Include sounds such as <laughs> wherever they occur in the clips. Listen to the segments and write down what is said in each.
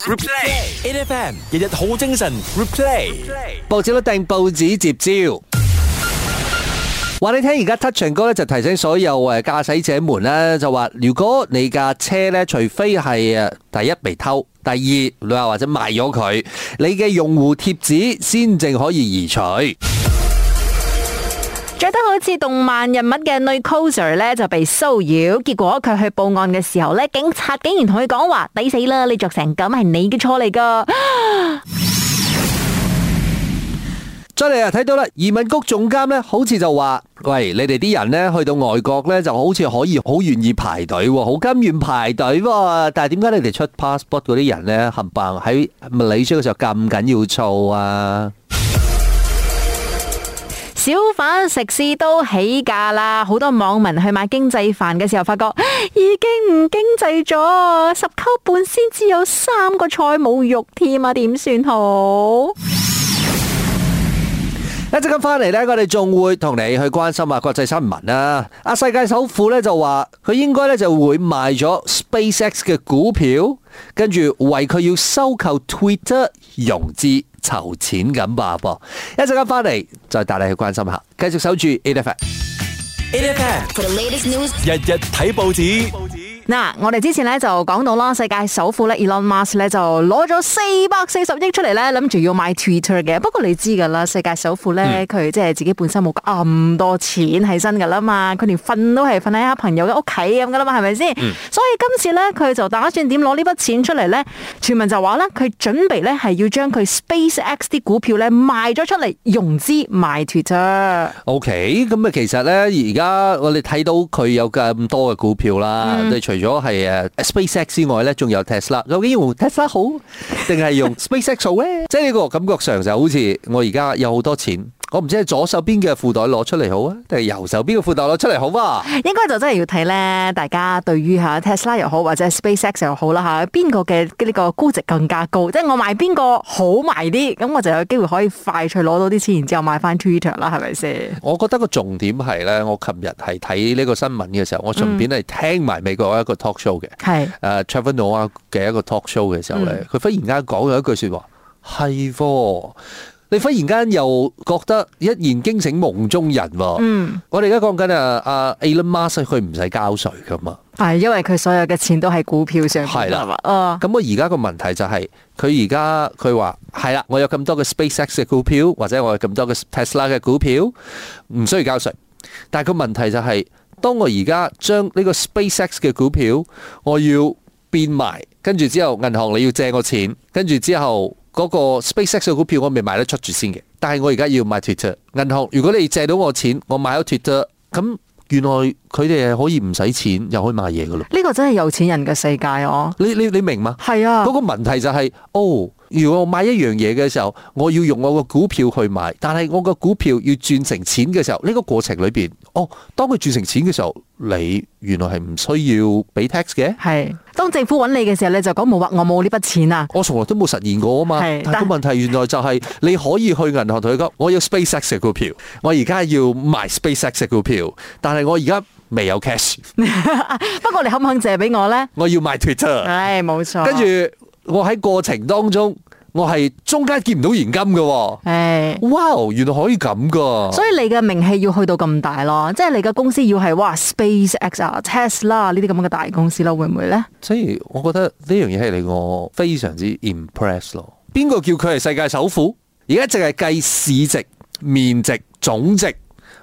Replay，A F M 日日好精神。Replay，報紙都訂報紙接招。話 <music> 你聽，而家 t o u c h 哥咧就提醒所有誒駕駛者們咧，就話如果你架車咧，除非係誒第一被偷，第二旅遊或者賣咗佢，你嘅用戶貼紙先正可以移除。着得好似動漫人物嘅女 coser 咧就被騷擾，結果佢去報案嘅時候咧，警察竟然同佢講話抵死啦！你着成咁係你嘅錯嚟噶。再嚟啊，睇到啦，移民局總監咧，好似就話：喂，你哋啲人咧去到外國咧，就好似可以好願意排隊，好甘願排隊。但係點解你哋出 passport 嗰啲人咧，冚唪唥喺物理出嘅時候咁緊要做啊？小販食肆，都起價啦，好多網民去買經濟飯嘅時候，發覺已經唔經濟咗，十蚊半先至有三個菜冇肉添啊，點算好？一陣間翻嚟，呢，我哋仲會同你去關心下國際新聞啦。啊，世界首富呢，就話佢應該呢就會賣咗 SpaceX 嘅股票，跟住為佢要收購 Twitter 融資。籌錢咁吧噃，一陣間翻嚟再帶你去關心下，繼續守住 ADF，ADF，For the latest news. 日日睇報紙。日日嗱、啊，我哋之前咧就講到啦，世界首富咧，e、Elon Musk 咧就攞咗四百四十億出嚟咧，諗住要買 Twitter 嘅。不過你知噶啦，世界首富咧佢，嗯、即係自己本身冇咁多錢喺身噶啦嘛，佢連瞓都係瞓喺朋友嘅屋企咁噶啦嘛，係咪先？嗯，所以今次咧佢就打算點攞呢筆錢出嚟咧？傳聞就話咧佢準備咧係要將佢 SpaceX 啲股票咧賣咗出嚟融資買 Twitter。OK，咁啊，其實咧而家我哋睇到佢有咁多嘅股票啦，嗯除咗係誒 SpaceX 之外咧，仲有 Tesla。究竟用 Tesla 好定係用 SpaceX 好咧？ <laughs> 即係呢個感覺上就好似我而家有好多錢。我唔知係左手邊嘅褲袋攞出嚟好啊，定係右手邊嘅褲袋攞出嚟好啊？應該就真係要睇咧，大家對於吓 Tesla 又好，或者 SpaceX 又好啦吓，邊個嘅呢個估值更加高？即係我賣邊個好賣啲，咁我就有機會可以快脆攞到啲錢，然之後買翻 Twitter 啦，係咪先？我覺得個重點係咧，我琴日係睇呢個新聞嘅時候，我順便係聽埋美國一個 talk show 嘅，係誒，Trevor Noah 嘅一個 talk show 嘅時候咧，佢、嗯、忽然間講咗一句說話，係。你忽然間又覺得一言驚醒夢中人，啊。嗯，我哋而家講緊啊，阿 Elon Musk 佢唔使交稅噶嘛？係因為佢所有嘅錢都喺股票上邊，係嘛的？咁、啊、我而家個問題就係、是，佢而家佢話係啦，我有咁多嘅 SpaceX 嘅股票，或者我有咁多嘅 Tesla 嘅股票，唔需要交稅。但係個問題就係、是，當我而家將呢個 SpaceX 嘅股票，我要變賣，跟住之後銀行你要借我錢，跟住之後。嗰個 SpaceX 嘅股票我未賣得出住先嘅，但係我而家要買 Twitter 銀行。如果你借到我錢，我買咗 Twitter，咁原來佢哋係可以唔使錢又可以買嘢噶咯？呢個真係有錢人嘅世界哦！你你你明嗎？係啊，嗰個問題就係、是、哦。如果我買一樣嘢嘅時候，我要用我個股票去買，但係我個股票要轉成錢嘅時候，呢、這個過程裏邊，哦，當佢轉成錢嘅時候，你原來係唔需要俾 tax 嘅。係，當政府揾你嘅時候，你就講冇話，我冇呢筆錢啊。我從來都冇實現過啊嘛。但係個問題原來就係、是， <laughs> 你可以去銀行同佢講，我要 SpaceX 嘅股票，我而家要賣 SpaceX 嘅股票，但係我而家未有 cash。 <laughs> 不過你肯唔肯借俾我咧？我要賣 Twitter。唉，冇錯。跟住。我喺過程當中，我係中間見唔到現金嘅。誒，哇，原來可以咁噶！所以你嘅名氣要去到咁大咯，即係你嘅公司要係哇 SpaceX 啊，Tesla 呢啲咁嘅大公司啦，會唔會呢？所以我覺得呢樣嘢係令我非常之 impress 咯。邊個叫佢係世界首富？而家淨係計市值、面值、總值，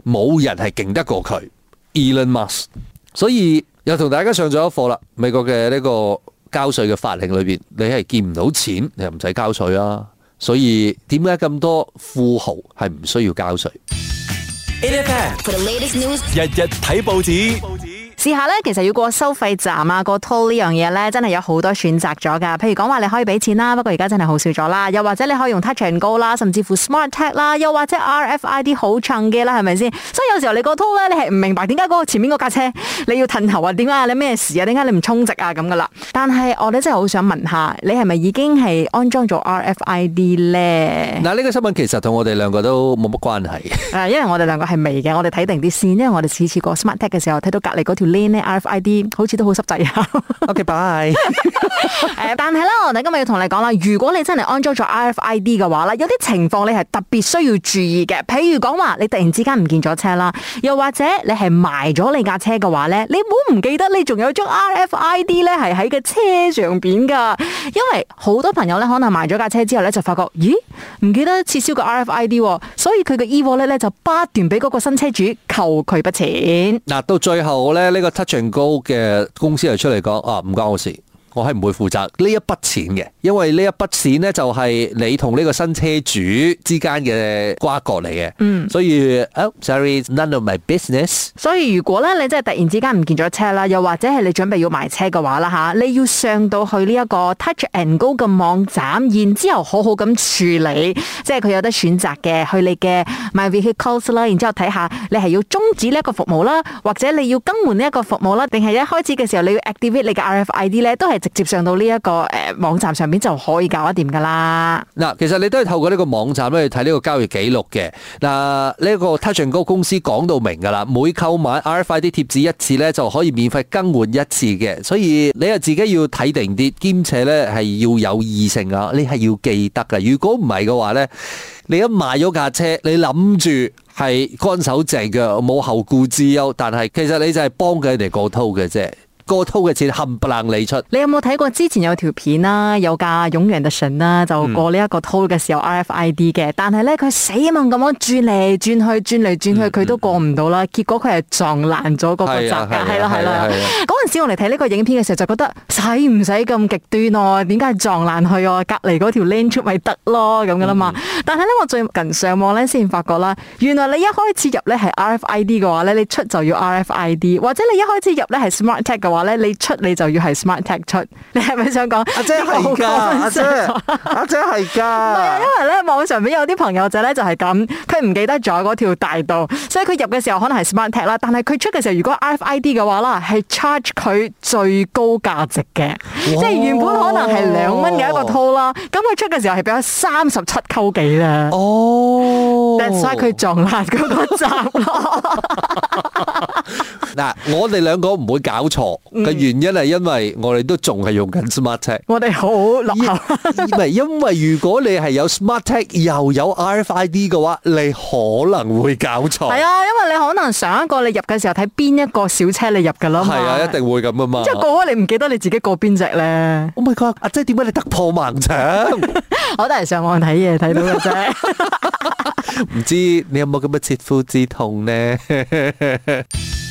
冇人係勁得過佢，Elon Musk。所以又同大家上咗一課啦，美國嘅呢個。交稅嘅法令裏邊，你係見唔到錢，你又唔使交稅啊！所以點解咁多富豪係唔需要交稅？Japan，日日睇報紙。報紙試下咧，其實要過收費站啊，過、那個、toll 呢樣嘢咧，真係有好多選擇咗噶。譬如講話你可以俾錢啦，不過而家真係好少咗啦。又或者你可以用 Touch and Go 啦，甚至乎 Smart Tag 啦，又或者 RFID 好撐嘅啦，係咪先？所以有時候你過 toll 咧，你係唔明白點解嗰個前面嗰架車你要褪頭啊？點解你咩事啊？點解你唔充值啊？咁噶啦。但係我咧真係好想問下，你係咪已經係安裝咗 RFID 咧？嗱，呢個新聞其實同我哋兩個都冇乜關係 <laughs> 。因為我哋兩個係未嘅，我哋睇定啲先，因為我哋次次過 Smart Tag 嘅時候，睇到隔籬嗰條。咧咧 RFID 好似都好濕滯啊。OK，bye。但係啦，我哋今日要同你講啦，如果你真係安裝咗 RFID 嘅話咧，有啲情況你係特別需要注意嘅。譬如講話你突然之間唔見咗車啦，又或者你係賣咗你架車嘅話呢，你唔好唔記得你仲有張 RFID 咧係喺個車上邊噶？因為好多朋友呢可能賣咗架車之後呢，就發覺，咦，唔記得撤銷個 RFID，所以佢嘅 e-wallet 咧就不斷俾嗰個新車主求佢筆錢。嗱，到最後呢。呢個 touching go 嘅公司就出嚟講啊，唔關我事。我係唔會負責呢一筆錢嘅，因為呢一筆錢咧就係你同呢個新車主之間嘅瓜葛嚟嘅。嗯，所以 o、oh, sorry，none of my business。所以如果咧你真係突然之間唔見咗車啦，又或者係你準備要買車嘅話啦吓，你要上到去呢一個 Touch and Go 嘅網站，然之後好好咁處理，即係佢有得選擇嘅去你嘅 My Vehicles 啦，然之後睇下你係要終止呢一個服務啦，或者你要更換呢一個服務啦，定係一開始嘅時候你要 activate 你嘅 RFID 咧，都係。直接上到呢、這、一個誒、呃、網站上面就可以搞得掂噶啦。嗱，其實你都係透過呢個網站咧去睇呢個交易記錄嘅。嗱，呢個 Touch 'n Go 公司講到明噶啦，每購買 RFID 啲貼紙一次咧就可以免費更換一次嘅。所以你又自己要睇定啲，兼且咧係要有異性啊，你係要記得噶。如果唔係嘅話咧，你一賣咗架車，你諗住係乾手淨腳冇後顧之憂，但係其實你就係幫佢哋割偷嘅啫。個掏嘅錢冚唪唥你出，你有冇睇過之前有條片啦、啊，有架勇人嘅船啦，就過呢一個掏嘅時候 R F I D 嘅，嗯、但係咧佢死硬咁樣轉嚟轉去，轉嚟轉去，佢、嗯、都過唔到啦，結果佢係撞爛咗嗰個閘噶，係咯係咯，嗰陣時我嚟睇呢個影片嘅時候就覺得使唔使咁極端哦、啊？點解撞爛去哦、啊？隔籬嗰條 lane 出咪得咯咁噶啦嘛？嗯、但係咧我最近上網咧先發覺啦，原來你一開始入咧係 R F I D 嘅話咧，你出就要 R F I D，或者你一開始入咧係 Smart Tag 嘅。話咧，你出你就要係 Smart Tag 出，你係咪想講、啊 <laughs> 啊？啊姐，真係噶，啊真，啊真係噶。唔係啊，因為咧網上邊有啲朋友仔咧就係咁，佢唔記得咗嗰條大道，所以佢入嘅時候可能係 Smart Tag 啦，但係佢出嘅時候如果 RFID 嘅話啦，係 charge 佢最高價值嘅，即係哇原本可能係兩蚊嘅一個 toll 啦，咁佢出嘅時候係俾咗三十七扣幾啦。哦，that's why 佢撞爛嗰個閘咯。嗱，我哋兩個唔會搞錯。嘅、嗯、原因係因為我哋都仲係用緊 Smart Tech，我哋好頭，唔 <laughs> 係因為如果你係有 Smart Tech 又有 RFID 嘅話，你可能會搞錯。係啊，因為你可能上一個你入嘅時候睇邊一個小車你入噶啦嘛，係啊，一定會咁啊嘛，即係過啊！你唔記得你自己過邊隻咧？我咪佢啊姐！即係點解你突破盲腸？ <laughs> 我都係上網睇嘢睇到嘅啫，唔 <laughs> <laughs> 知你有冇咁嘅切膚之痛呢？ <laughs>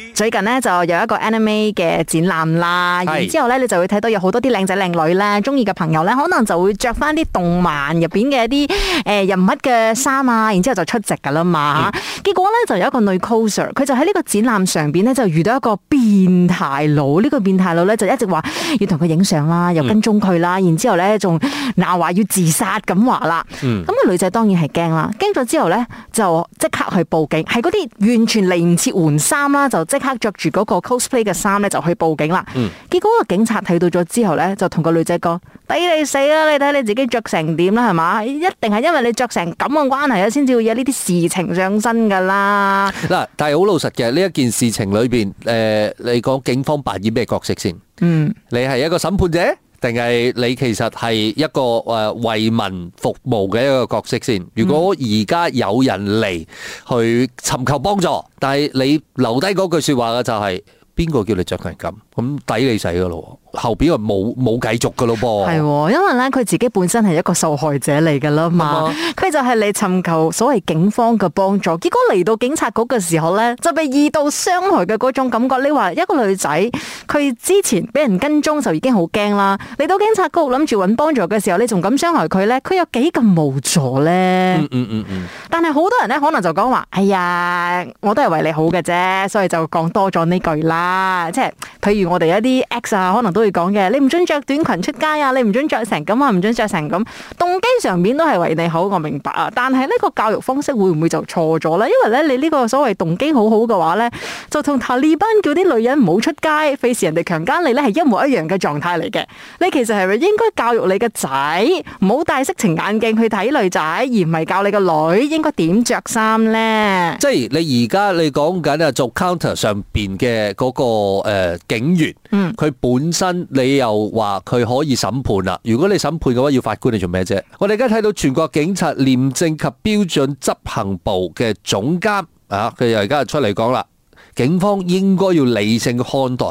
最近咧就有一個 anime 嘅展覽啦，是然之後咧你就會睇到有好多啲靚仔靚女咧，中意嘅朋友咧，可能就會着翻啲動漫入邊嘅一啲誒人物嘅衫啊，然之後就出席噶啦嘛。嗯、結果咧就有一個女 coser，佢就喺呢個展覽上邊咧就遇到一個變態佬，呢、呢個變態佬咧就一直話要同佢影相啦，又跟蹤佢啦，嗯、然之後咧仲鬧話要自殺咁話啦。咁個、嗯、女仔當然係驚啦，驚咗之後咧就即刻去報警，係啲完全嚟唔切換衫啦，就即。即刻着住嗰個 cosplay 嘅衫咧，就去報警啦。嗯、結果個警察睇到咗之後咧，就同個女仔講：俾你死啦！你睇你自己着成點啦，係嘛？一定係因為你着成咁嘅關係啊，先至會有呢啲事情上身噶啦。嗱，嗯、但係好老實嘅呢一件事情裏邊，誒、呃，你講警方扮演咩角色先？嗯，你係一個審判者。定係你其實係一個誒，為民服務嘅一個角色先。如果而家有人嚟去尋求幫助，但係你留低嗰句説話嘅就係邊個叫你着緊咁？抵你死噶咯，後邊啊冇冇繼續噶咯噃，係，因為咧佢自己本身係一個受害者嚟噶啦嘛，佢就係嚟尋求所謂警方嘅幫助，結果嚟到警察局嘅時候咧，就被二度傷害嘅嗰種感覺。你話一個女仔，佢之前俾人跟蹤就已經好驚啦，嚟到警察局諗住揾幫助嘅時候，你仲敢傷害佢咧？佢有幾咁無助咧，嗯？嗯嗯嗯。嗯，但係好多人咧，可能就講話，哎呀，我都係為你好嘅啫，所以就講多咗呢句啦。即係譬如。我哋一啲 X 啊，可能都會講嘅。你唔准着短裙出街啊，你唔准着成咁啊，唔准着成咁啊，動機上面都係為你好，我明白啊。但係呢個教育方式會唔會就錯咗咧？因為咧，你呢個所謂動機好好嘅話咧，就同塔利班叫啲女人唔好出街，費事人哋強姦你咧，係一模一樣嘅狀態嚟嘅。你其實係咪應該教育你個仔，唔好戴色情眼鏡去睇女仔，而唔係教你個女應該點着衫咧？即係你而家你講緊啊，做 counter 上邊嘅嗰個誒警呃員，嗯，佢本身你又話佢可以審判啦。如果你審判嘅話，要法官你做咩啫？我哋而家睇到全國警察廉政及標準執行部嘅總監啊，佢又而家出嚟講啦。警方應該要理性看待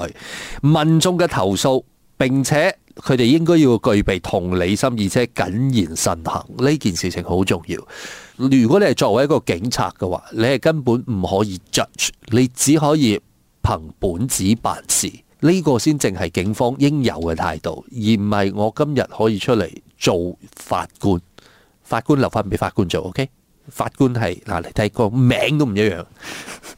民眾嘅投訴，並且佢哋應該要具備同理心，而且謹言慎行。呢件事情好重要。如果你係作為一個警察嘅話，你係根本唔可以 judge，你只可以憑本子辦事。呢個先正係警方應有嘅態度，而唔係我今日可以出嚟做法官。法官留翻俾法官做，OK？法官係，嗱，你睇個名都唔一樣，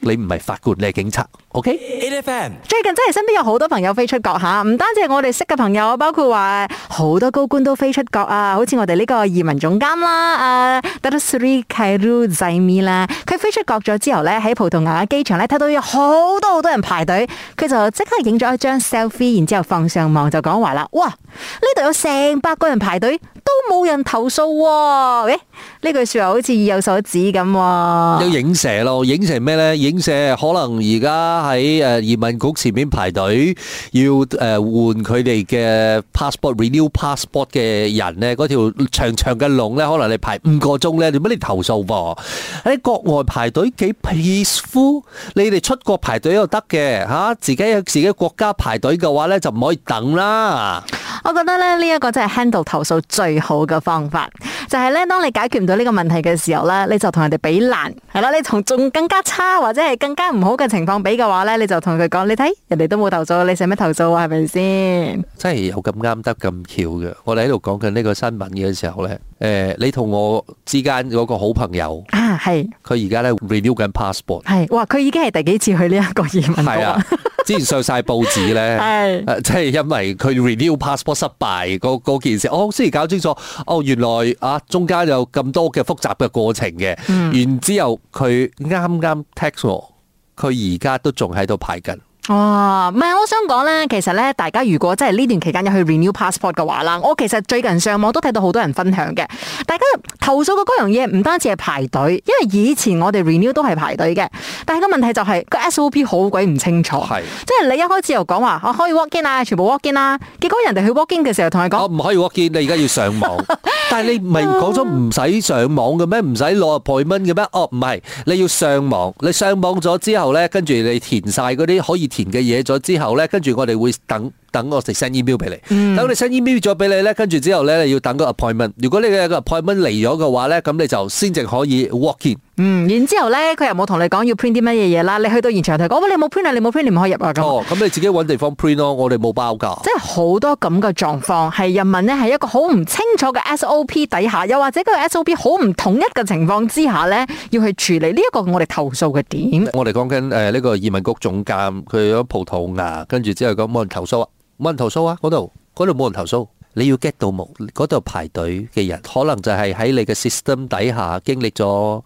你唔係法官，你係警察。OK，A Fan 最近真係身邊有好多朋友飛出國吓，唔單止係我哋識嘅朋友，包括話好多高官都飛出國啊。好似我哋呢個移民總監、啊、啦，誒，Dato Seri Khairul Dzaimee 啦，佢飛出國咗之後呢，喺葡萄牙嘅機場呢，睇到有好多好多人排隊，佢就即刻影咗一張 selfie，然之後放上網就講話啦。哇，呢度有成百個人排隊，都冇人投訴喎，哦。欸，呢句說話好似意有所指咁，哦。有影射咯，影射咩呢？影射可能而家。喺誒移民局前面排隊要誒換佢哋嘅 passport renew passport 嘅人咧，嗰條長長嘅龍咧，可能你排五個鐘咧，點解你投訴噃？喺國外排隊幾 peaceful，你哋出國排隊又得嘅嚇，自己喺自己國家排隊嘅話咧，就唔可以等啦。我覺得咧，呢一個真係 handle 投訴最好嘅方法，就係咧，當你解決唔到呢個問題嘅時候咧，你就同人哋比爛，係啦，你同仲更加差或者係更加唔好嘅情況比嘅話咧，你就同佢講，你睇人哋都冇投訴，你使乜投訴啊？係咪先？真係有咁啱得咁巧嘅，我哋喺度講緊呢個新聞嘅時候咧，誒、呃，你同我之間嗰個好朋友啊，係，佢而家咧 renew 緊 passport，係，哇，佢已經係第幾次去呢一個熱門係啊，之前上晒報紙咧，係 <laughs> 是、啊，即係因為佢 renew passport。失敗個件事，我、哦、先搞清楚，哦，原來啊中間有咁多嘅複雜嘅過程嘅，嗯、然之後佢啱啱 tax 我，佢而家都仲喺度排緊。哦，唔係，我想講咧，其實咧，大家如果真係呢段期間入去 renew passport 嘅話啦，我其實最近上網都睇到好多人分享嘅，大家投訴嘅嗰樣嘢唔單止係排隊，因為以前我哋 renew 都係排隊嘅，但係個問題就係，是那個 SOP 好鬼唔清楚，是即係你一開始又講話我可以 work in g 啊，全部 work in g 啦，結果人哋去 work in g 嘅時候同你講，唔可以 work in，g 你而家要上網。 <laughs> 但係你唔係講咗唔使上網嘅咩？唔使攞 appointment 嘅咩？哦，唔係，你要上網，你上網咗之後咧，跟住你填晒嗰啲可以填嘅嘢咗之後咧，跟住我哋會等等我 send email 俾你。嗯、等你 send email 咗俾你咧，跟住之後咧你要等個 appointment。如果你嘅 appointment 嚟咗嘅話咧，咁你就先至可以 walk in。嗯，然之後咧，佢又冇同你講要 print 啲乜嘢嘢啦。你去到現場提講，喂，你冇 print 啊，你冇 print，你唔可以入啊。哦，咁你自己搵地方 print 咯。我哋冇包噶。即係好多咁嘅狀況，係人民咧係一個好唔清楚嘅 S O P 底下，又或者個 S O P 好唔統一嘅情況之下咧，要去處理呢一個我哋投訴嘅點。嗯，我哋講緊誒呢個移民局總監，佢喺葡萄牙，跟住之後咁冇人投訴啊，冇人投訴啊，嗰度嗰度冇人投訴。你要 get 到，目嗰度排隊嘅人，可能就係喺你嘅 system 底下經歷咗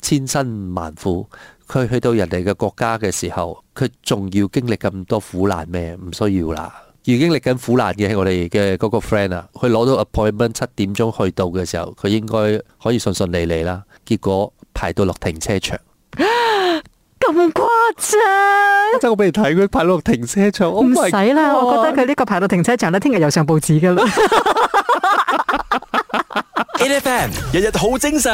千辛萬苦，佢去到人哋嘅國家嘅時候，佢仲要經歷咁多苦難咩？唔需要啦，而經歷緊苦難嘅係我哋嘅嗰個 friend 啊，佢攞到 appointment 七點鐘去到嘅時候，佢應該可以順順利利啦，結果排到落停車場。咁誇張！即我畀你睇佢排落停車場。唔使啦，我覺得佢呢個排到停車場咧，聽日又上報紙㗎啦。F 日日好精神。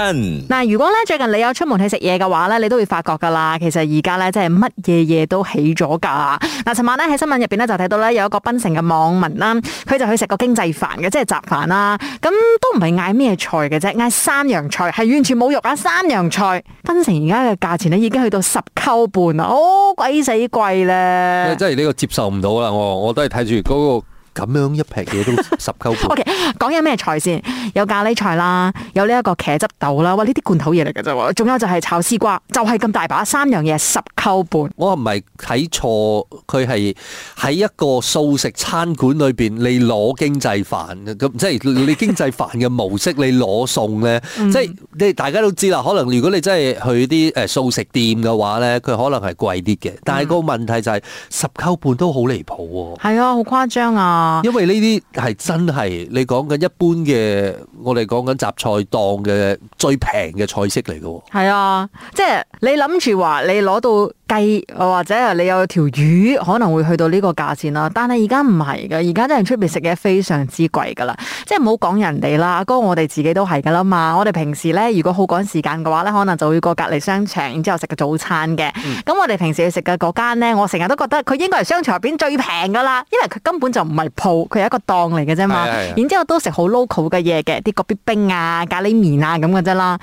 嗱，如果咧最近你有出門去食嘢嘅話咧，你都會發覺噶啦。其實而家咧真係乜嘢嘢都起咗價。嗱，尋晚咧喺新聞入邊咧就睇到咧有一個檳城嘅網民啦，佢就去食個經濟飯嘅，即係雜飯啦。咁都唔係嗌咩菜嘅啫，嗌三樣菜，係完全冇肉啊！三樣菜，檳城而家嘅價錢咧已經去到十扣半啦，好、哦、鬼死貴咧。即係呢個接受唔到啦，我我都係睇住嗰個。咁樣一劈嘢都十嚿半。 <laughs> OK，講有咩菜先？有咖喱菜啦，有呢一個茄汁豆啦。哇，呢啲罐頭嘢嚟㗎啫。仲有就係炒絲瓜，就係、是、咁大把三樣嘢十嚿半。我唔係睇錯，佢係喺一個素食餐館裏邊，你攞經濟飯咁，即係你經濟飯嘅模式， <laughs> 你攞餸咧，即係你大家都知啦。可能如果你真係去啲誒素食店嘅話咧，佢可能係貴啲嘅。但係個問題就係十嚿半都好離譜喎。係啊，好、 <laughs> 啊、誇張啊！因為呢啲係真係你講緊一般嘅，我哋講緊雜菜檔嘅最平嘅菜式嚟㗎喎。係啊，即係你諗住話你攞到。雞或者你有條魚可能會去到呢個價錢啦。但係而家唔係嘅，而家真係出邊食嘢非常之貴㗎啦。即係唔好講人哋啦，哥，哥我哋自己都係㗎啦嘛。我哋平時呢，如果好趕時間嘅話呢，可能就會過隔離商場，然之後食個早餐嘅。咁、嗯、我哋平時去食嘅嗰間咧，我成日都覺得佢應該係商場入邊最平㗎啦，因為佢根本就唔係鋪，佢係一個檔嚟嘅啫嘛。是的 然之後都食好 local 嘅嘢嘅，啲嗰啲冰啊、咖喱麵啊咁嘅啫啦。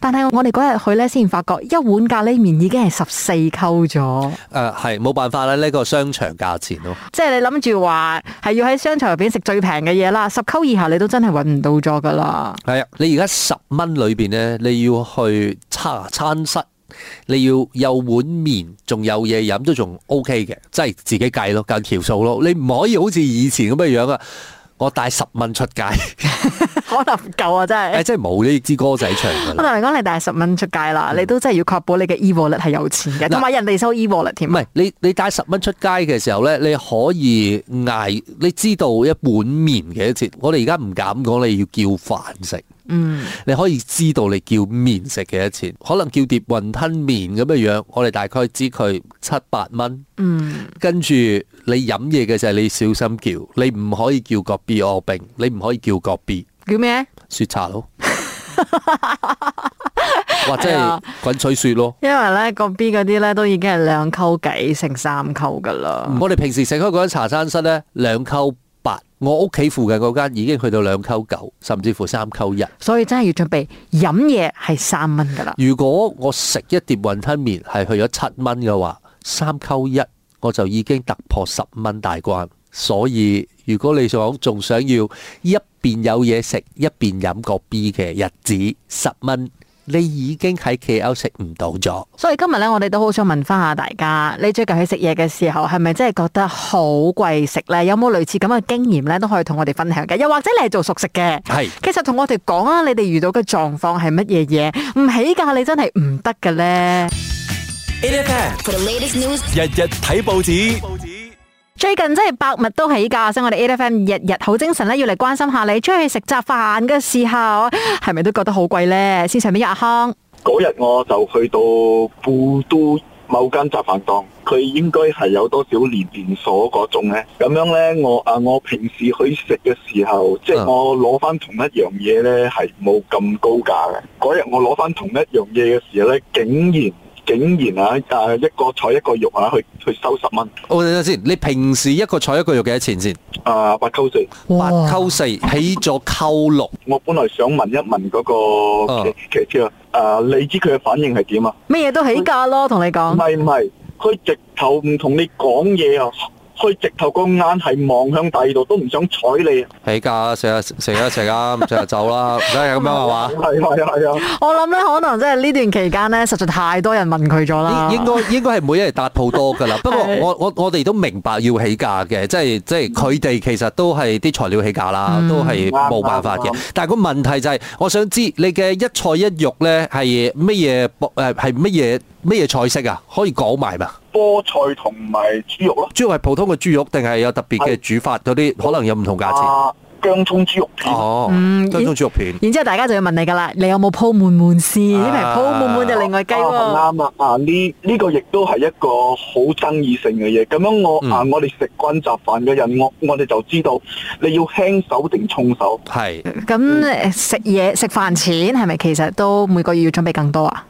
但係我哋嗰日去呢，先發覺一碗咖喱麵已經係十四級。收咗，誒，係冇，嗯、辦法啦，呢、這個商場價錢咯。即係你諗住話係要喺商場入邊食最平嘅嘢啦，十溝以下你都真係揾唔到咗噶啦。係啊、嗯，你而家十蚊裏邊呢，你要去茶餐室，你要有碗麵，仲有嘢飲都仲 O K 嘅，即係自己計咯，計條數咯。你唔可以好似以前咁嘅樣啊。我帶十蚊出街 <laughs> <laughs> 可能唔夠啊！真係，誒，即係冇呢支歌仔唱。 <laughs> 我同你講，你帶十蚊出街啦，嗯、你都真係要確保你嘅 E-Wallet 係有錢嘅，同埋、嗯、人哋收 E-Wallet 添。唔係，你你帶十蚊出街嘅時候咧，你可以挨，你知道一碗麵幾多錢？我哋而家唔敢講，你要叫飯食。嗯，你可以知道你叫麵食幾多錢，可能叫碟雲吞麵咁嘅樣，我哋大概知佢七八蚊。嗯，跟住你飲嘢嘅時候，你小心叫，你唔可以叫個 B 我病，你唔可以叫個 B。叫咩？雪茶咯，或者係滾水雪咯。 <laughs> 因為咧個 B 嗰啲咧都已經係兩扣幾成三扣噶啦。我哋平時食開嗰間茶餐室咧兩扣。我屋企附近嗰間已經去到兩溝九，9，甚至乎三溝一。所以真係要準備飲嘢係三蚊㗎喇。如果我食一碟雲吞麵係去咗七蚊嘅話，三溝一我就已經突破十蚊大關。所以如果你想仲想要一邊有嘢食一邊飲個 B 嘅日子，十蚊。你已經喺 KL 食唔到咗，所以今日咧，我哋都好想問返下大家，你最近去食嘢嘅時候，係咪真係覺得好貴食咧？有冇類似咁嘅經驗咧？都可以同我哋分享嘅。又或者你係做熟食嘅，係，是其實同我哋講啊，你哋遇到嘅狀況係乜嘢嘢？唔起價，你真係唔得㗎咧。Japan, news, 日日睇報紙。報紙最近真係百物都起價，所以我哋 A F M 日日好精神咧，要嚟關心下你出去食雜飯嘅時候，係咪都覺得好貴呢？先上俾阿康。嗰日我就去到富都某間雜飯檔，佢應該係有多少年連鎖嗰種呢？咁樣呢，我啊我平時去食嘅時候，即係我攞翻同一樣嘢呢，係冇咁高價嘅。嗰日我攞翻同一樣嘢嘅時候呢，竟然。竟然啊，誒一個菜一個肉啊，去去收十蚊。我睇下先，你平時一個菜一個肉幾多錢先？啊、呃、八溝四。哇八溝四起咗溝六？我本來想問一問嗰個劇，哦啊、你知佢嘅反應係點啊？咩嘢都起價咯，同他你講。唔係唔係，佢直頭唔同你講嘢啊！佢直頭個眼係望向第二度，都唔想睬你。起價成日成日成日，唔成日走啦，唔使咁樣係嘛？係係係啊！我諗咧，可能即係呢段期間咧，實在太多人問佢咗啦。應該應該係每一日搭鋪多噶啦。不過我我我哋都明白要起價嘅，即係即係佢哋其實都係啲材料起價啦， <laughs> 都係冇辦法嘅。 <laughs> 但係個問題就係、是，我想知你嘅一菜一肉咧係乜嘢誒？係乜嘢乜嘢菜式啊？可以講埋嘛？菠菜同埋豬肉咯，豬肉係普通嘅豬肉，定係有特別嘅煮法嗰啲，的可能有唔同價錢。薑葱豬肉片，哦，薑葱豬肉片。然之後大家就要問你噶啦，你有冇鋪滿滿先？鋪滿滿就另外計。啱啦，啊，啊呢呢，這個亦都係一個好爭議性嘅嘢。咁、嗯、樣我啊，我哋食慣雜飯嘅人，我我哋就知道你要輕手定重手。係咁食嘢食飯錢係咪？其實都每個月要準備更多啊？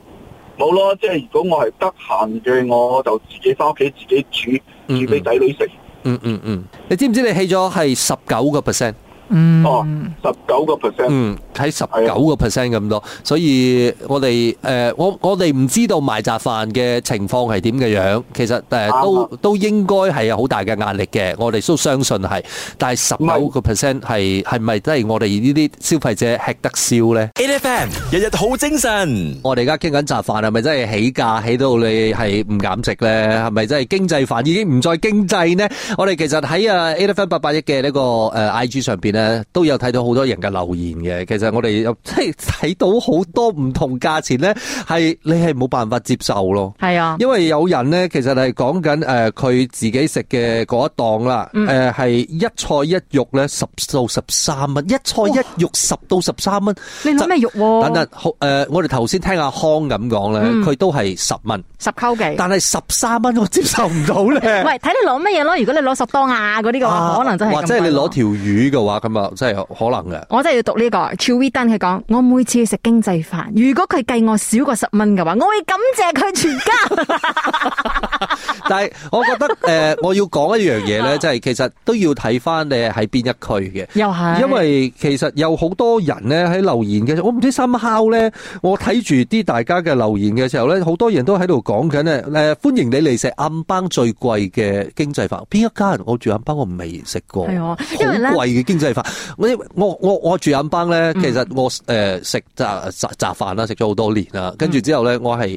冇咯，即係如果我係得閒嘅，我就自己返屋企自己煮，煮俾仔女食。嗯，嗯嗯嗯，你知唔知你起咗係十九個 percent？嗯，哦，十九個 percent，嗯，喺十九個 percent 咁多，所以我哋誒，我我哋唔知道賣雜飯嘅情況係點嘅樣，其實誒都都應該係有好大嘅壓力嘅，我哋都相信係，但係十九個 percent 係係咪真係我哋呢啲消費者吃得消咧？A F M 日日好精神，我哋而家傾緊雜飯係咪真係起價起到你係唔減值咧？係咪真係經濟飯已經唔再經濟咧？我哋其實喺啊 A F M 八八億嘅呢個誒 I G 上邊。都有睇到好多人嘅留言嘅，其實我哋即係睇到好多唔同價錢咧，係你係冇辦法接受咯。係啊，因為有人咧，其實係講緊誒，佢自己食嘅嗰一檔啦，誒係一菜一肉咧，十到十三蚊，一菜一肉十到十三蚊。你攞咩肉？等陣，好誒，我哋頭先聽阿康咁講咧，佢都係十蚊，十扣幾。但係十三蚊我接受唔到咧。喂，睇你攞乜嘢咯？如果你攞十當啊嗰啲嘅話，可能真係。或者係你攞條魚嘅話？咁啊， <music> 真係可能嘅。我真係要讀呢、這個 c e w e Dun 佢講，我每次去食經濟飯，如果佢計我少過十蚊嘅話，我會感謝佢全家。 <laughs> <laughs> 但係，我覺得誒、呃，我要講一樣嘢咧，即、就、係、是、其實都要睇翻你喺邊一區嘅。又係是，因為其實有好多人咧喺留言嘅，我唔知深烤咧。我睇住啲大家嘅留言嘅時候咧，好多人都喺度講緊咧，誒、呃，歡迎你嚟食暗班最貴嘅經濟飯。邊一家人我住暗班，我未食過。係哦，因為咧貴嘅經濟。我我我住飲班咧，其實我誒食雜雜雜飯啦，食咗好多年啦。跟住之後咧，我係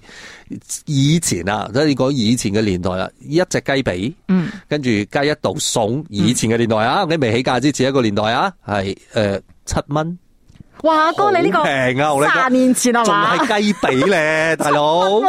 以前啦，即係講以前嘅年代啦，一隻雞髀，跟住加一道餸。以前嘅年代啊，你未起價之前一個年代啊，係誒七蚊。哇，哥，你呢個平啊，十年前啊，仲係雞髀咧，大佬。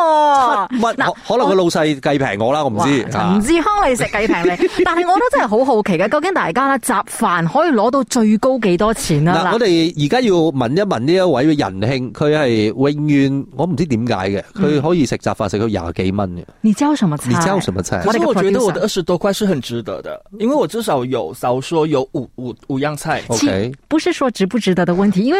可能個老細計平我啦，我唔知。唔知康你食計平你，但係我都真係好好奇嘅，究竟大家咧雜飯可以攞到最高幾多錢啊？我哋而家要問一問呢一位嘅仁兄，佢係永遠我唔知點解嘅，佢可以食雜飯食到廿幾蚊嘅。你交什麼你交什麼菜？我覺得我的二十多塊是很值得的，因為我至少有少說有五五五樣菜。OK，不是說值不值得的問題，因為。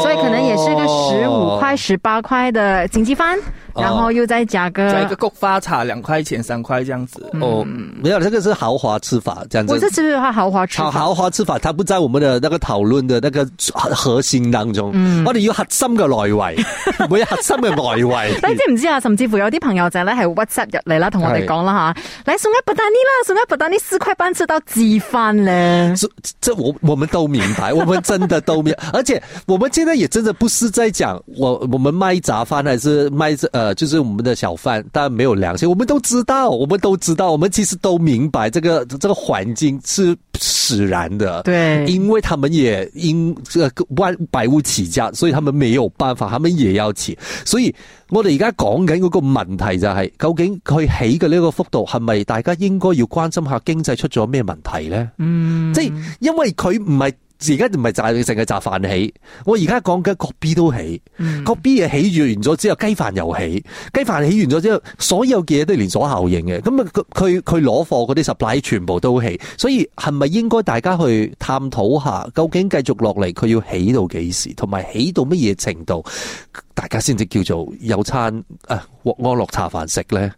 所以可能也是個十五塊、十八塊的經濟飯。然後又再加個加一個菊花茶，兩塊錢三塊這樣子。哦，沒有，這個是豪華吃法，這樣子。我是不是話豪華吃法？豪華吃法，它不在我們的那個討論的那個核心當中。我哋要核心嘅外圍，唔會核心嘅外圍。你知唔知啊？甚至乎有啲朋友仔呢係 WhatsApp 入嚟啦，同我哋講啦吓，嚟送一布達尼啦，送一布達尼四塊半食到自翻呢。這我我們都明白，我們真的都明，而且我們現在也真的不是在講我我們賣雜飯，還是賣這就是我們的小販，但沒有良心，我們都知道，我們都知道，我們其實都明白，這個這個環境是使然的。對，因為他們也因萬百物起價，所以他們沒有辦法，他們也要起。所以我哋而家講緊個問題就係，是，究竟佢起嘅呢個幅度係咪大家應該要關心下經濟出咗咩問題咧？嗯，即係因為佢唔係。而家唔係炸糧食嘅炸飯起，我而家講緊各 B 都起，mm. 各 B 嘢起完咗之後，雞飯又起，雞飯起完咗之後，所有嘅嘢都連鎖效應嘅。咁啊，佢佢攞貨嗰啲 supply 全部都起，所以係咪應該大家去探討下，究竟繼續落嚟佢要起到幾時，同埋起到乜嘢程度，大家先至叫做有餐啊安樂茶飯食咧？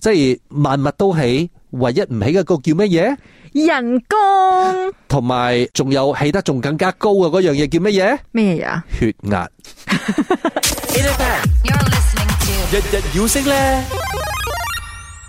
即係萬物都起。唯一唔起嘅歌叫乜嘢？人工同埋仲有起得仲更加高嘅嗰樣嘢叫乜嘢？咩嘢啊？血壓。日日要升咧。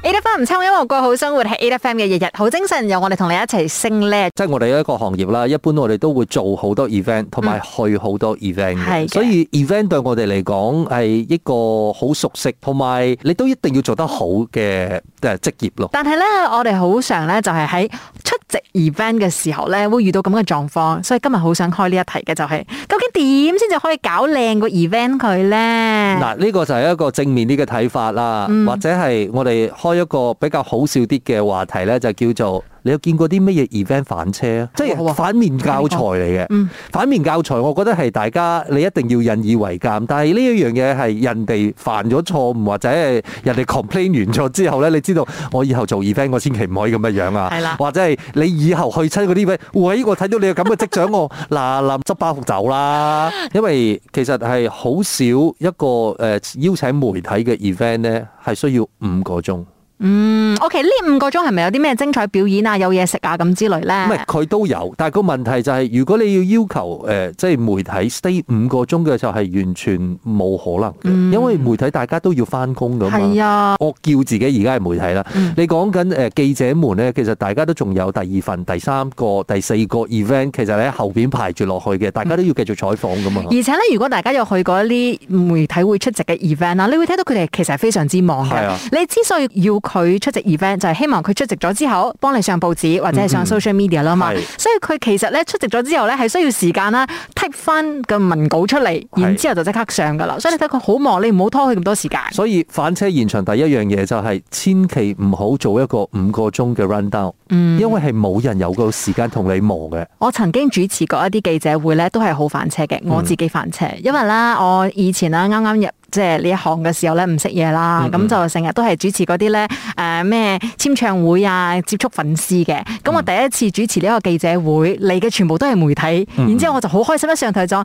A. F. M. 唔差，因為過好生活係 A. F. M. 嘅，日日好精神，由我哋同你一齊升咧。即係我哋一個行業啦，一般我哋都會做好多 event，同埋去好多 event 係，所以 event 對我哋嚟講係一個好熟悉，同埋你都一定要做得好嘅誒職業咯。但係咧，我哋好常咧就係喺出。即 event 嘅時候咧，會遇到咁嘅狀況，所以今日好想開呢一題嘅，就是，就係究竟點先至可以搞靚個 event 佢呢？嗱，呢個就係一個正面啲嘅睇法啦，嗯、或者係我哋開一個比較好笑啲嘅話題呢，就叫做。你有見過啲乜嘢 event 反車啊？即係反面教材嚟嘅， <noise> 反面教材我覺得係大家你一定要引以為鑑。但係呢一樣嘢係人哋犯咗錯誤或者係人哋 complain 完咗之後咧，你知道我以後做 event 我千祈唔可以咁嘅樣啊。 <noise> 是或者係你以後去親嗰啲位，喂，我睇到你有咁嘅跡象，我嗱臨執包袱走啦。因為其實係好少一個誒邀請媒體嘅 event 咧，係需要五個鐘。嗯，OK 呢五個鐘係咪有啲咩精彩表演啊？有嘢食啊？咁之類咧？唔係佢都有，但係個問題就係、是、如果你要要求誒、呃，即係媒體 stay 五個鐘嘅就係、是、完全冇可能嘅，嗯、因為媒體大家都要返工㗎嘛。係啊，我叫自己而家係媒體啦。嗯、你講緊誒記者們咧，其實大家都仲有第二份、第三個、第四個 event，其實喺後邊排住落去嘅，大家都要繼續採訪㗎嘛、嗯。而且咧，如果大家有去過一啲媒體會出席嘅 event 啊，你會睇到佢哋其實係非常之忙是、啊、你之所以要佢出席 event 就係希望佢出席咗之後，幫你上報紙或者係上 social media 啦嘛。Mm hmm. 所以佢其實咧出席咗之後咧，係需要時間啦，剔翻個文稿出嚟，mm hmm. 然之後就即刻上噶啦。所以你睇佢好忙，你唔好拖佢咁多時間。所以反車現場第一樣嘢就係、是，千祈唔好做一個五個鐘嘅 run down，因為係冇人有個時間同你磨嘅。Mm hmm. 我曾經主持過一啲記者會咧，都係好反車嘅。我自己反車，因為咧我以前咧啱啱入。即係呢一行嘅時候咧，唔識嘢啦，咁、mm hmm. 就成日都係主持嗰啲咧，誒咩簽唱會啊，接觸粉絲嘅。咁我第一次主持呢一個記者會，嚟嘅，mm hmm. 全部都係媒體，mm hmm. 然之後我就好開心一上台咗。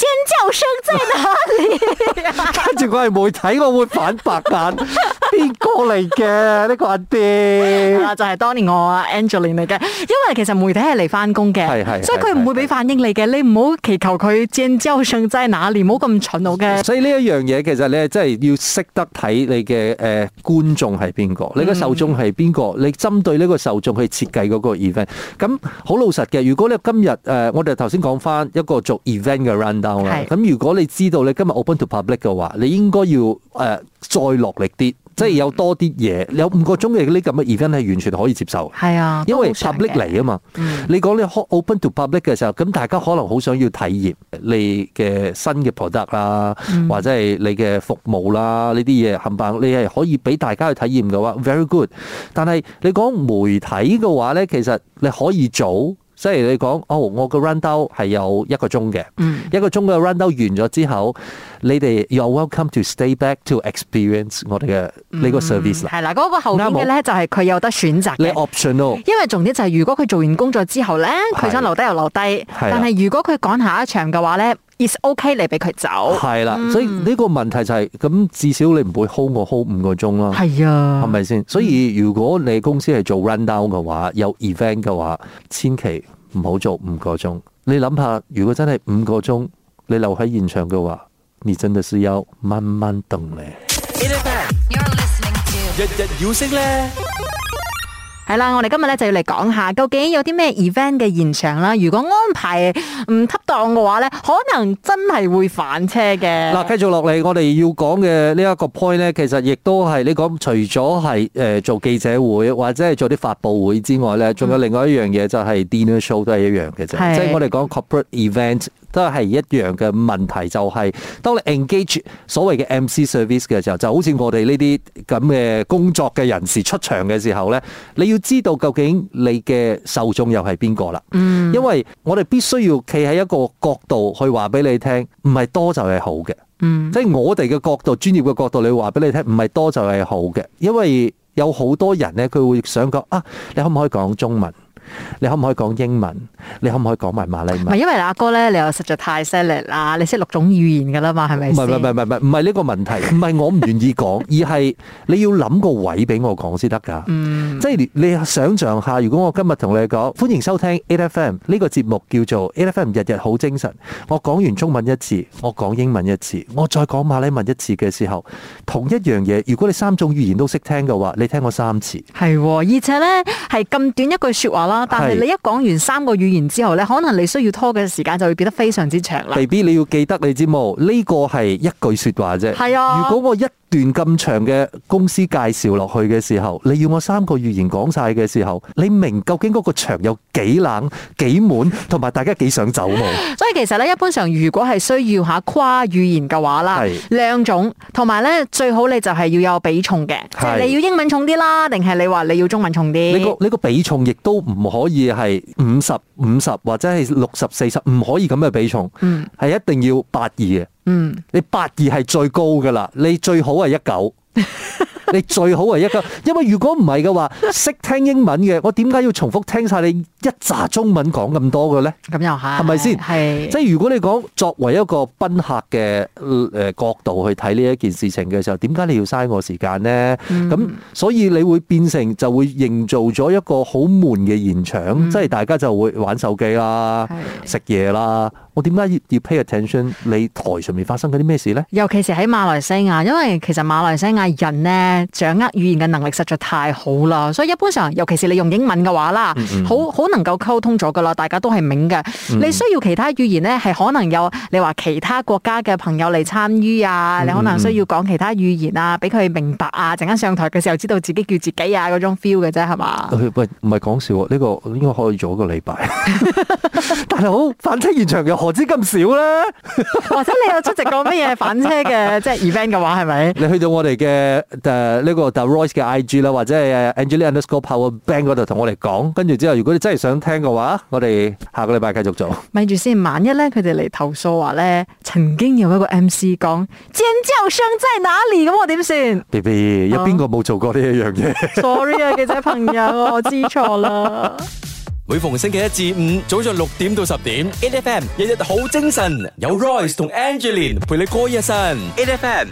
尖叫聲在哪裏？跟住我係媒體，我會反白眼。邊個嚟嘅呢個阿爹？邊係啦，就係當年我阿 Angeline 嚟嘅。因為其實媒體係嚟翻工嘅，所以佢唔會俾反應你嘅。你唔好祈求佢尖叫聲在哪裏，唔好咁蠢好嘅。所以呢一樣嘢，其實你真係要識得睇你嘅誒觀眾係邊個，你嘅受眾係邊個，你針對呢個受眾去設計嗰個 event。咁好老實嘅，如果你今日誒，我哋頭先講翻一個做 event 嘅 round。咁，是如果你知道你今日 open to public 嘅話，你應該要誒、uh, 再落力啲，即係有多啲嘢，有五個鐘嘅呢咁嘅 event，而家係完全可以接受。係啊，因為 public 嚟啊嘛。嗯、你講你 open to public 嘅時候，咁大家可能好想要體驗你嘅新嘅 product 啦，嗯、或者係你嘅服務啦呢啲嘢，冚唪你係可以俾大家去體驗嘅話，very good。但係你講媒體嘅話咧，其實你可以做。即係你講，哦，我個 run down 係有一個鐘嘅，嗯、一個鐘嘅 run down 完咗之後，你哋 you're welcome to stay back to experience 我哋嘅呢個 service 啦。啦、嗯，嗰、嗰個後面嘅咧就係佢有得選擇嘅 optional。因為重點就係如果佢做完工作之後咧，佢的想留低又留低，的但係如果佢趕下一場嘅話咧。is okay，你俾佢走，係 <noise> 啦，所以呢個問題就係咁， <noise> 至少你唔會 hold 我 hold 五個鐘啦，係啊，係咪先？所以如果你公司係做 run down 嘅話，有 event 嘅話，千祈唔好做五個鐘。你諗下，如果真係五個鐘你留喺現場嘅話，你真的是要慢慢等咧。文係啦，我哋今日咧就要嚟講下，究竟有啲咩 event 嘅現場啦？如果安排唔恰當嘅話咧，可能真係會翻車嘅。嗱，繼續落嚟，我哋要講嘅呢一個 point 咧，其實亦都係你講，除咗係誒做記者會或者係做啲發佈會之外咧，仲、嗯、有另外一樣嘢就係、是、dinner show 都係一樣嘅啫，是即係我哋講 corporate event。都係一樣嘅問題，就係當你 engage 所謂嘅 MC service 嘅時候，就好似我哋呢啲咁嘅工作嘅人士出場嘅時候呢，你要知道究竟你嘅受眾又係邊個啦。嗯，因為我哋必須要企喺一個角度去話俾你聽，唔係多就係好嘅。即係我哋嘅角度、專業嘅角度，你話俾你聽，唔係多就係好嘅，因為有好多人呢，佢會想講啊，你可唔可以講中文？你可唔可以講英文？你可唔可以講埋馬來文？唔係因為阿哥咧，你又實在太犀利啦！你識六種語言噶啦嘛，係咪？唔係唔係唔係唔係呢個問題，唔係 <laughs> 我唔願意講，而係你要諗個位俾我講先得噶。嗯，即係你想象下，如果我今日同你講，歡迎收聽 A F M 呢個節目，叫做 A F M 日日好精神。我講完中文一次，我講英文一次，我再講馬來文一次嘅時候，同一樣嘢。如果你三種語言都識聽嘅話，你聽我三次。係、哦，而且呢，係咁短一句說話啦。但係你一講完三個語言之後咧，可能你需要拖嘅時間就會變得非常之長啦。BB，你要記得你知冇？呢個係一句說話啫。係啊。如果我一段咁長嘅公司介紹落去嘅時候，你要我三個語言講晒嘅時候，你明究竟嗰個場有幾冷、幾滿，同埋大家幾想走冇？ <laughs> 所以其實呢，一般上如果係需要下跨語言嘅話啦，兩種同埋呢，最好你就係要有比重嘅，即係是你要英文重啲啦，定係你話你要中文重啲？你個比重亦都唔可以係五十五十或者係六十四十，唔可以咁嘅比重，嗯，係一定要八二嘅。嗯，你八二係最高噶啦，你最好係一九，你最好係一九，因為如果唔係嘅話，識聽英文嘅，我點解要重複聽晒你一紮中文講咁多嘅咧？咁又係，係咪先？係即係如果你講作為一個賓客嘅誒角度去睇呢一件事情嘅時候，點解你要嘥我時間咧？咁所以你會變成就會營造咗一個好悶嘅現場，即係、嗯、大家就會玩手機啦，食嘢是啦。點解要要 pay attention？你台上面發生嗰啲咩事咧？尤其是喺馬來西亞，因為其實馬來西亞人咧掌握語言嘅能力實在太好啦，所以一般上，尤其是你用英文嘅話啦、嗯嗯，好好能夠溝通咗噶啦，大家都係明嘅。嗯、你需要其他語言咧，係可能有你話其他國家嘅朋友嚟參與啊，嗯嗯你可能需要講其他語言啊，俾佢明白啊，陣間上台嘅時候知道自己叫自己啊嗰種 feel 嘅啫，係嘛？喂，唔係講笑，呢、這個應該可以做一個禮拜， <laughs> <laughs> 但係好反清現場嘅。唔知咁少啦， <laughs> 或者你有出席過咩嘢反車嘅即係 event 嘅話，係咪？你去到我哋嘅誒呢個 The Royce 嘅 IG 啦，或者係 Angela underscore Power Bank 嗰度同我哋講，跟住之後，如果你真係想聽嘅話，我哋下個禮拜繼續做。咪住先，萬一咧佢哋嚟投訴話咧，曾經有一個 MC 講尖叫聲在哪裏咁，我點算？B B 有邊個冇做過呢一樣嘢？Sorry 啊，記者朋友，我知錯啦。 <laughs> 每逢星期一至五，早上六點到十點，A F M 日日好精神，有 Royce 同 Angeline 陪你過一晨，A F M。